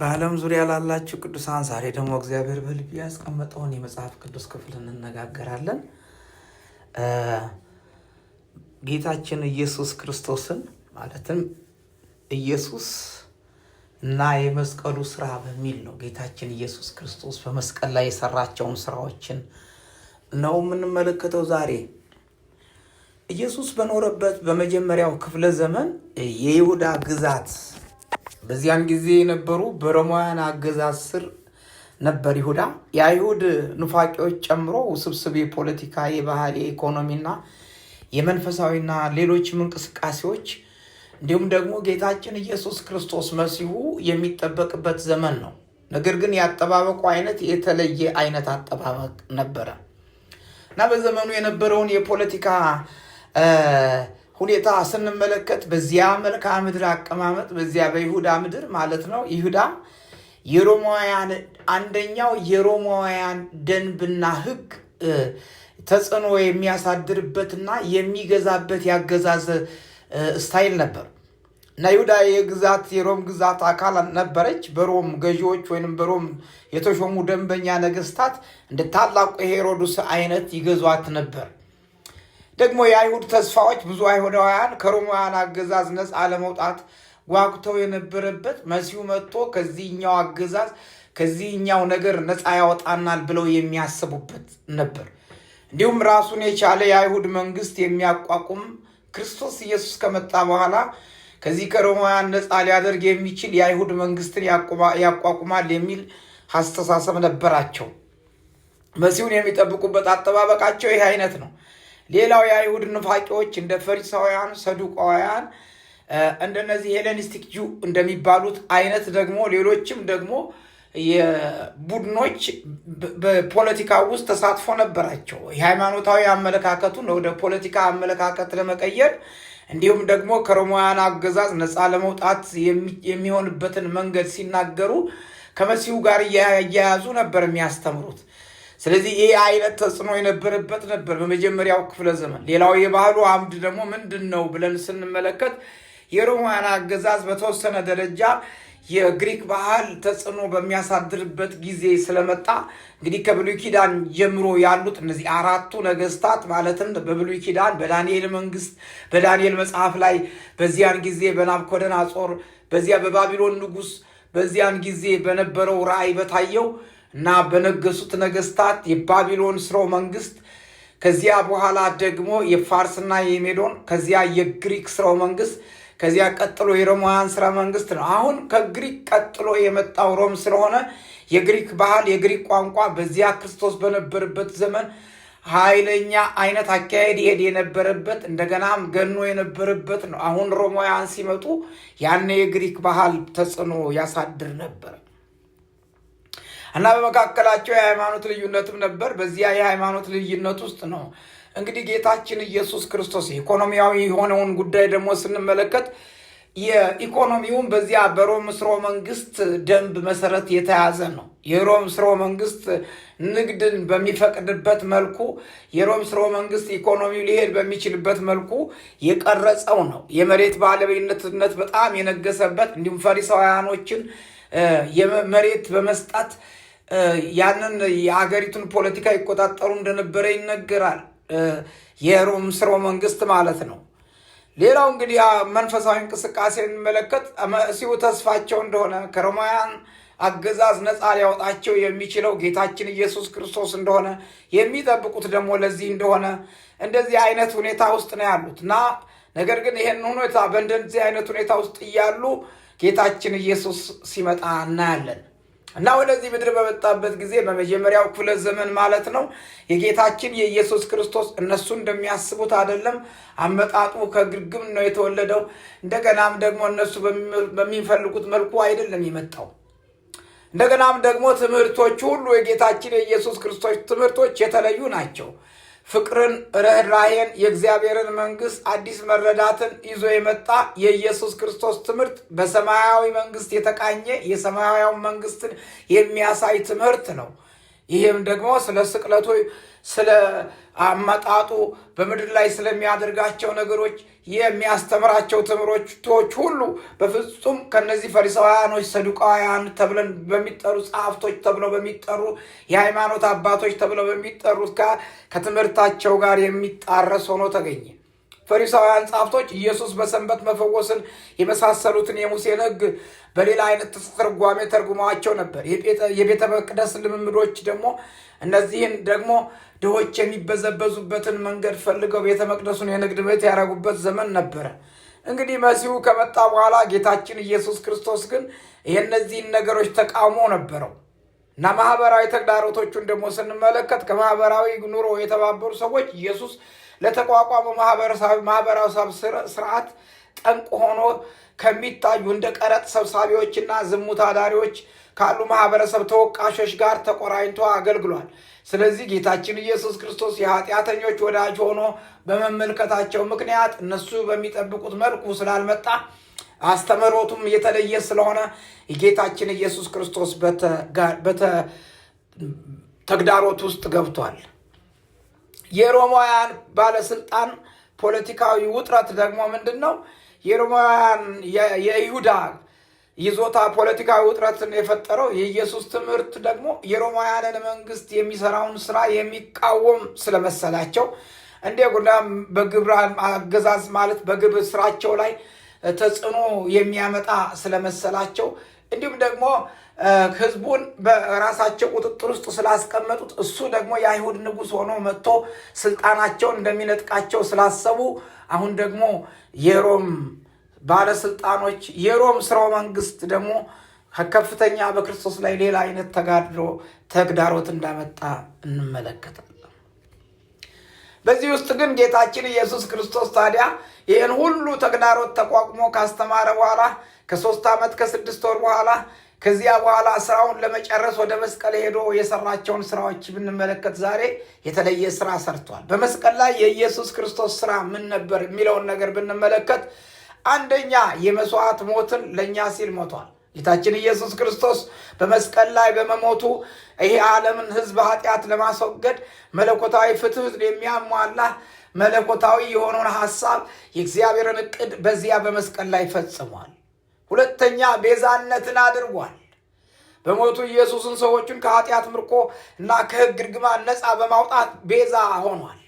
በዓለም ዙሪያ ላላችሁ ቅዱሳን ዛሬ ደግሞ እግዚአብሔር በልቢ ያስቀመጠውን የመጽሐፍ ቅዱስ ክፍል እንነጋገራለን። ጌታችን ኢየሱስ ክርስቶስን ማለትም ኢየሱስ እና የመስቀሉ ስራ በሚል ነው። ጌታችን ኢየሱስ ክርስቶስ በመስቀል ላይ የሰራቸውን ስራዎችን ነው የምንመለከተው ዛሬ። ኢየሱስ በኖረበት በመጀመሪያው ክፍለ ዘመን የይሁዳ ግዛት በዚያን ጊዜ የነበሩ በሮማውያን አገዛዝ ስር ነበር ይሁዳ። የአይሁድ ኑፋቂዎች ጨምሮ ውስብስብ የፖለቲካ፣ የባህል፣ የኢኮኖሚና የመንፈሳዊና ሌሎችም እንቅስቃሴዎች እንዲሁም ደግሞ ጌታችን ኢየሱስ ክርስቶስ መሲሁ የሚጠበቅበት ዘመን ነው። ነገር ግን የአጠባበቁ አይነት የተለየ አይነት አጠባበቅ ነበረ እና በዘመኑ የነበረውን የፖለቲካ ሁኔታ ስንመለከት በዚያ መልክዓ ምድር አቀማመጥ በዚያ በይሁዳ ምድር ማለት ነው። ይሁዳ የሮማውያን አንደኛው የሮማውያን ደንብና ሕግ ተጽዕኖ የሚያሳድርበትና የሚገዛበት ያገዛዘ ስታይል ነበር እና ይሁዳ የግዛት የሮም ግዛት አካል ነበረች። በሮም ገዢዎች ወይም በሮም የተሾሙ ደንበኛ ነገስታት እንደ ታላቁ ሄሮድስ አይነት ይገዟት ነበር። ደግሞ የአይሁድ ተስፋዎች ብዙ አይሁዳውያን ከሮማውያን አገዛዝ ነፃ ለመውጣት ጓጉተው የነበረበት መሲሁ መጥቶ ከዚህኛው አገዛዝ ከዚህኛው ነገር ነፃ ያወጣናል ብለው የሚያስቡበት ነበር። እንዲሁም ራሱን የቻለ የአይሁድ መንግስት የሚያቋቁም ክርስቶስ ኢየሱስ ከመጣ በኋላ ከዚህ ከሮማውያን ነፃ ሊያደርግ የሚችል የአይሁድ መንግስትን ያቋቁማል የሚል አስተሳሰብ ነበራቸው። መሲሁን የሚጠብቁበት አጠባበቃቸው ይህ አይነት ነው። ሌላው የአይሁድ ንፋቂዎች እንደ ፈሪሳውያን፣ ሰዱቃውያን እንደነዚህ ሄለኒስቲክ ጁ እንደሚባሉት አይነት ደግሞ ሌሎችም ደግሞ የቡድኖች በፖለቲካ ውስጥ ተሳትፎ ነበራቸው። የሃይማኖታዊ አመለካከቱን ወደ ፖለቲካ አመለካከት ለመቀየር እንዲሁም ደግሞ ከሮማውያን አገዛዝ ነፃ ለመውጣት የሚሆንበትን መንገድ ሲናገሩ ከመሲሁ ጋር እያያዙ ነበር የሚያስተምሩት። ስለዚህ ይህ አይነት ተጽዕኖ የነበረበት ነበር በመጀመሪያው ክፍለ ዘመን። ሌላው የባህሉ አምድ ደግሞ ምንድን ነው ብለን ስንመለከት የሮማን አገዛዝ በተወሰነ ደረጃ የግሪክ ባህል ተጽዕኖ በሚያሳድርበት ጊዜ ስለመጣ እንግዲህ ከብሉይ ኪዳን ጀምሮ ያሉት እነዚህ አራቱ ነገስታት ማለትም በብሉይ ኪዳን በዳንኤል መንግስት በዳንኤል መጽሐፍ ላይ በዚያን ጊዜ አጾር በዚያ በባቢሎን ንጉስ በዚያን ጊዜ በነበረው ራእይ በታየው እና በነገሱት ነገስታት የባቢሎን ስርወ መንግስት ከዚያ በኋላ ደግሞ የፋርስና የሜዶን ከዚያ የግሪክ ስርወ መንግስት ከዚያ ቀጥሎ የሮማውያን ስርወ መንግስት ነው። አሁን ከግሪክ ቀጥሎ የመጣው ሮም ስለሆነ የግሪክ ባህል፣ የግሪክ ቋንቋ በዚያ ክርስቶስ በነበረበት ዘመን ኃይለኛ አይነት አካሄድ ይሄድ የነበረበት እንደገናም ገኖ የነበረበት ነው። አሁን ሮማውያን ሲመጡ ያኔ የግሪክ ባህል ተጽዕኖ ያሳድር ነበር። እና በመካከላቸው የሃይማኖት ልዩነትም ነበር። በዚያ የሃይማኖት ልዩነት ውስጥ ነው እንግዲህ ጌታችን ኢየሱስ ክርስቶስ ኢኮኖሚያዊ የሆነውን ጉዳይ ደግሞ ስንመለከት የኢኮኖሚውን በዚያ በሮም ስሮ መንግስት ደንብ መሰረት የተያዘ ነው። የሮም ስሮ መንግስት ንግድን በሚፈቅድበት መልኩ የሮም ስሮ መንግስት ኢኮኖሚው ሊሄድ በሚችልበት መልኩ የቀረጸው ነው። የመሬት ባለቤትነት በጣም የነገሰበት እንዲሁም ፈሪሳውያኖችን የመሬት በመስጣት ያንን የአገሪቱን ፖለቲካ ይቆጣጠሩ እንደነበረ ይነገራል። የሮም ስርወ መንግስት ማለት ነው። ሌላው እንግዲህ መንፈሳዊ እንቅስቃሴ የሚመለከት መእሲው ተስፋቸው እንደሆነ ከሮማውያን አገዛዝ ነፃ ሊያወጣቸው የሚችለው ጌታችን ኢየሱስ ክርስቶስ እንደሆነ የሚጠብቁት ደግሞ ለዚህ እንደሆነ እንደዚህ አይነት ሁኔታ ውስጥ ነው ያሉት እና ነገር ግን ይሄን ሁኔታ በእንደዚህ አይነት ሁኔታ ውስጥ እያሉ ጌታችን ኢየሱስ ሲመጣ እናያለን። እና ወደዚህ ምድር በመጣበት ጊዜ በመጀመሪያው ክፍለ ዘመን ማለት ነው የጌታችን የኢየሱስ ክርስቶስ እነሱ እንደሚያስቡት አይደለም። አመጣጡ ከግርግም ነው የተወለደው። እንደገናም ደግሞ እነሱ በሚፈልጉት መልኩ አይደለም የመጣው። እንደገናም ደግሞ ትምህርቶቹ ሁሉ የጌታችን የኢየሱስ ክርስቶስ ትምህርቶች የተለዩ ናቸው። ፍቅርን፣ ርኅራኄን፣ የእግዚአብሔርን መንግሥት አዲስ መረዳትን ይዞ የመጣ የኢየሱስ ክርስቶስ ትምህርት በሰማያዊ መንግሥት የተቃኘ የሰማያዊ መንግሥትን የሚያሳይ ትምህርት ነው። ይህም ደግሞ ስለ ስቅለቱ፣ ስለ አመጣጡ፣ በምድር ላይ ስለሚያደርጋቸው ነገሮች የሚያስተምራቸው ትምህርቶች ሁሉ በፍጹም ከነዚህ ፈሪሳውያኖች፣ ሰዱቃውያን ተብለን በሚጠሩ ጸሐፍቶች ተብለው በሚጠሩ የሃይማኖት አባቶች ተብለው በሚጠሩት ከትምህርታቸው ጋር የሚጣረስ ሆኖ ተገኘ። ፈሪሳውያን ጻፍቶች ኢየሱስ በሰንበት መፈወስን የመሳሰሉትን የሙሴን ሕግ በሌላ አይነት ትርጓሜ ተርጉመዋቸው ነበር። የቤተ መቅደስ ልምምዶች ደግሞ እነዚህን ደግሞ ድሆች የሚበዘበዙበትን መንገድ ፈልገው ቤተ መቅደሱን የንግድ ቤት ያደረጉበት ዘመን ነበረ። እንግዲህ መሲሁ ከመጣ በኋላ ጌታችን ኢየሱስ ክርስቶስ ግን የእነዚህን ነገሮች ተቃውሞ ነበረው እና ማህበራዊ ተግዳሮቶቹን ደግሞ ስንመለከት ከማህበራዊ ኑሮ የተባበሩ ሰዎች ኢየሱስ ለተቋቋመ ማህበረሰብ ስርዓት ጠንቅ ሆኖ ከሚታዩ እንደ ቀረጥ ሰብሳቢዎችና ዝሙት አዳሪዎች ካሉ ማህበረሰብ ተወቃሾች ጋር ተቆራኝቶ አገልግሏል። ስለዚህ ጌታችን ኢየሱስ ክርስቶስ የኃጢአተኞች ወዳጅ ሆኖ በመመልከታቸው ምክንያት እነሱ በሚጠብቁት መልኩ ስላልመጣ አስተምህሮቱም የተለየ ስለሆነ ጌታችን ኢየሱስ ክርስቶስ በተግዳሮት ውስጥ ገብቷል። የሮማውያን ባለስልጣን ፖለቲካዊ ውጥረት ደግሞ ምንድን ነው? የሮማውያን የይሁዳ ይዞታ ፖለቲካዊ ውጥረትን የፈጠረው የኢየሱስ ትምህርት ደግሞ የሮማውያንን መንግስት የሚሰራውን ስራ የሚቃወም ስለመሰላቸው እንደ ጉዳ በግብር አገዛዝ ማለት በግብር ስራቸው ላይ ተጽዕኖ የሚያመጣ ስለመሰላቸው እንዲሁም ደግሞ ህዝቡን በራሳቸው ቁጥጥር ውስጥ ስላስቀመጡት እሱ ደግሞ የአይሁድ ንጉሥ ሆኖ መጥቶ ስልጣናቸውን እንደሚነጥቃቸው ስላሰቡ አሁን ደግሞ የሮም ባለስልጣኖች የሮም ስራው መንግስት ደግሞ ከከፍተኛ በክርስቶስ ላይ ሌላ አይነት ተጋድሎ ተግዳሮት እንዳመጣ እንመለከታል። በዚህ ውስጥ ግን ጌታችን ኢየሱስ ክርስቶስ ታዲያ ይህን ሁሉ ተግዳሮት ተቋቁሞ ካስተማረ በኋላ ከሶስት ዓመት ከስድስት ወር በኋላ ከዚያ በኋላ ስራውን ለመጨረስ ወደ መስቀል ሄዶ የሰራቸውን ስራዎች ብንመለከት ዛሬ የተለየ ስራ ሰርቷል። በመስቀል ላይ የኢየሱስ ክርስቶስ ስራ ምን ነበር የሚለውን ነገር ብንመለከት አንደኛ የመስዋዕት ሞትን ለእኛ ሲል ሞቷል። ጌታችን ኢየሱስ ክርስቶስ በመስቀል ላይ በመሞቱ ይሄ ዓለምን ሕዝብ ኃጢአት ለማስወገድ መለኮታዊ ፍትህ የሚያሟላ መለኮታዊ የሆነውን ሐሳብ የእግዚአብሔርን እቅድ በዚያ በመስቀል ላይ ፈጽሟል። ሁለተኛ ቤዛነትን አድርጓል። በሞቱ ኢየሱስን ሰዎችን ከኃጢአት ምርኮ እና ከሕግ እርግማን ነፃ በማውጣት ቤዛ ሆኗል።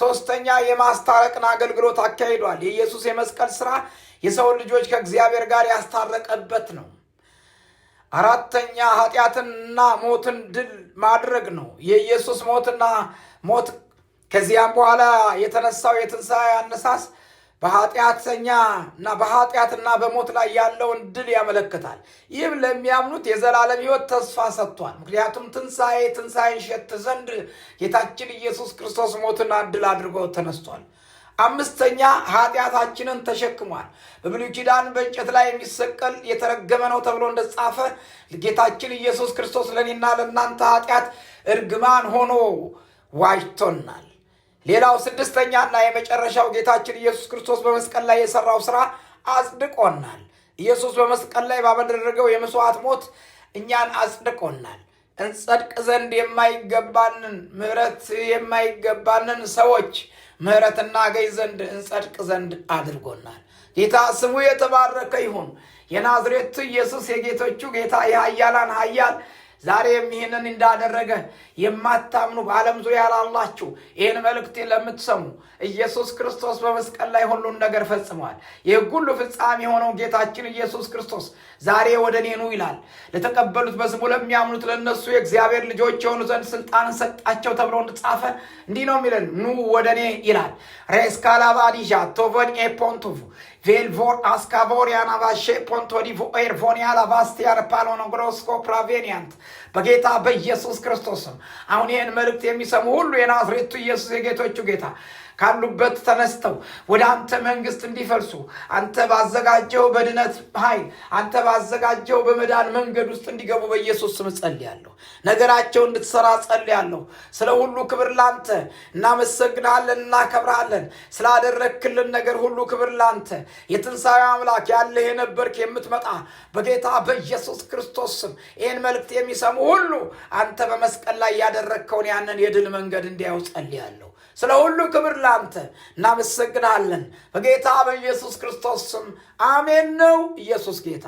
ሶስተኛ የማስታረቅን አገልግሎት አካሂዷል። የኢየሱስ የመስቀል ሥራ የሰውን ልጆች ከእግዚአብሔር ጋር ያስታረቀበት ነው። አራተኛ ኃጢአትንና ሞትን ድል ማድረግ ነው። የኢየሱስ ሞትና ሞት ከዚያም በኋላ የተነሳው የትንሣኤ አነሳስ በኃጢአተኛና በኃጢአትና በሞት ላይ ያለውን ድል ያመለክታል። ይህም ለሚያምኑት የዘላለም ሕይወት ተስፋ ሰጥቷል። ምክንያቱም ትንሣኤ ትንሣኤን ሸት ዘንድ ጌታችን ኢየሱስ ክርስቶስ ሞትን ድል አድርጎ ተነስቷል። አምስተኛ ኃጢአታችንን ተሸክሟል። በብሉይ ኪዳን በእንጨት ላይ የሚሰቀል የተረገመ ነው ተብሎ እንደተጻፈ ጌታችን ኢየሱስ ክርስቶስ ለእኔና ለእናንተ ኃጢአት እርግማን ሆኖ ዋጅቶናል። ሌላው ስድስተኛና የመጨረሻው ጌታችን ኢየሱስ ክርስቶስ በመስቀል ላይ የሰራው ስራ አጽድቆናል። ኢየሱስ በመስቀል ላይ ባደረገው የመስዋዕት ሞት እኛን አጽድቆናል። እንጸድቅ ዘንድ የማይገባንን ምሕረት የማይገባንን ሰዎች ምሕረት እናገኝ ዘንድ እንጸድቅ ዘንድ አድርጎናል። ጌታ ስሙ የተባረከ ይሁን። የናዝሬቱ ኢየሱስ የጌቶቹ ጌታ የኃያላን ኃያል ዛሬም ይህንን እንዳደረገ የማታምኑ በዓለም ዙሪያ ላላችሁ ይህን መልእክቴን ለምትሰሙ ኢየሱስ ክርስቶስ በመስቀል ላይ ሁሉን ነገር ፈጽመዋል። ይህ ሁሉ ፍጻሜ የሆነው ጌታችን ኢየሱስ ክርስቶስ ዛሬ ወደ እኔ ኑ ይላል። ለተቀበሉት በስሙ ለሚያምኑት ለነሱ የእግዚአብሔር ልጆች የሆኑ ዘንድ ስልጣንን ሰጣቸው ተብሎ እንድጻፈ እንዲህ ነው የሚለን ኑ ወደ እኔ ይላል ሬስካላባዲዣ ቶቨን ኤፖንቱፉ ቬልቮር አስካቮሪያን አባሼ ፖንቶዲቮ ኤርቮኒያ ላባስቲያር ፓሎኖግሮስኮ ፕራቬኒያንት በጌታ በኢየሱስ ክርስቶስም አሁን ይህን መልእክት የሚሰሙ ሁሉ የናዝሬቱ ኢየሱስ የጌቶቹ ጌታ ካሉበት ተነስተው ወደ አንተ መንግስት እንዲፈልሱ አንተ ባዘጋጀው በድነት ኃይል አንተ ባዘጋጀው በመዳን መንገድ ውስጥ እንዲገቡ በኢየሱስ ስም ጸልያለሁ። ነገራቸው እንድትሰራ ጸልያለሁ። ስለ ሁሉ ክብር ላንተ እናመሰግናለን፣ እናከብራለን። ስላደረግክልን ነገር ሁሉ ክብር ላንተ። የትንሣኤ አምላክ ያለህ የነበርክ የምትመጣ በጌታ በኢየሱስ ክርስቶስ ስም ይህን መልእክት የሚሰሙ ሁሉ አንተ በመስቀል ላይ ያደረግከውን ያንን የድል መንገድ እንዲያው ጸልያለሁ። ስለ ሁሉ ክብር ለአንተ እናመሰግናለን። በጌታ በኢየሱስ ክርስቶስ ስም አሜን። ነው ኢየሱስ ጌታ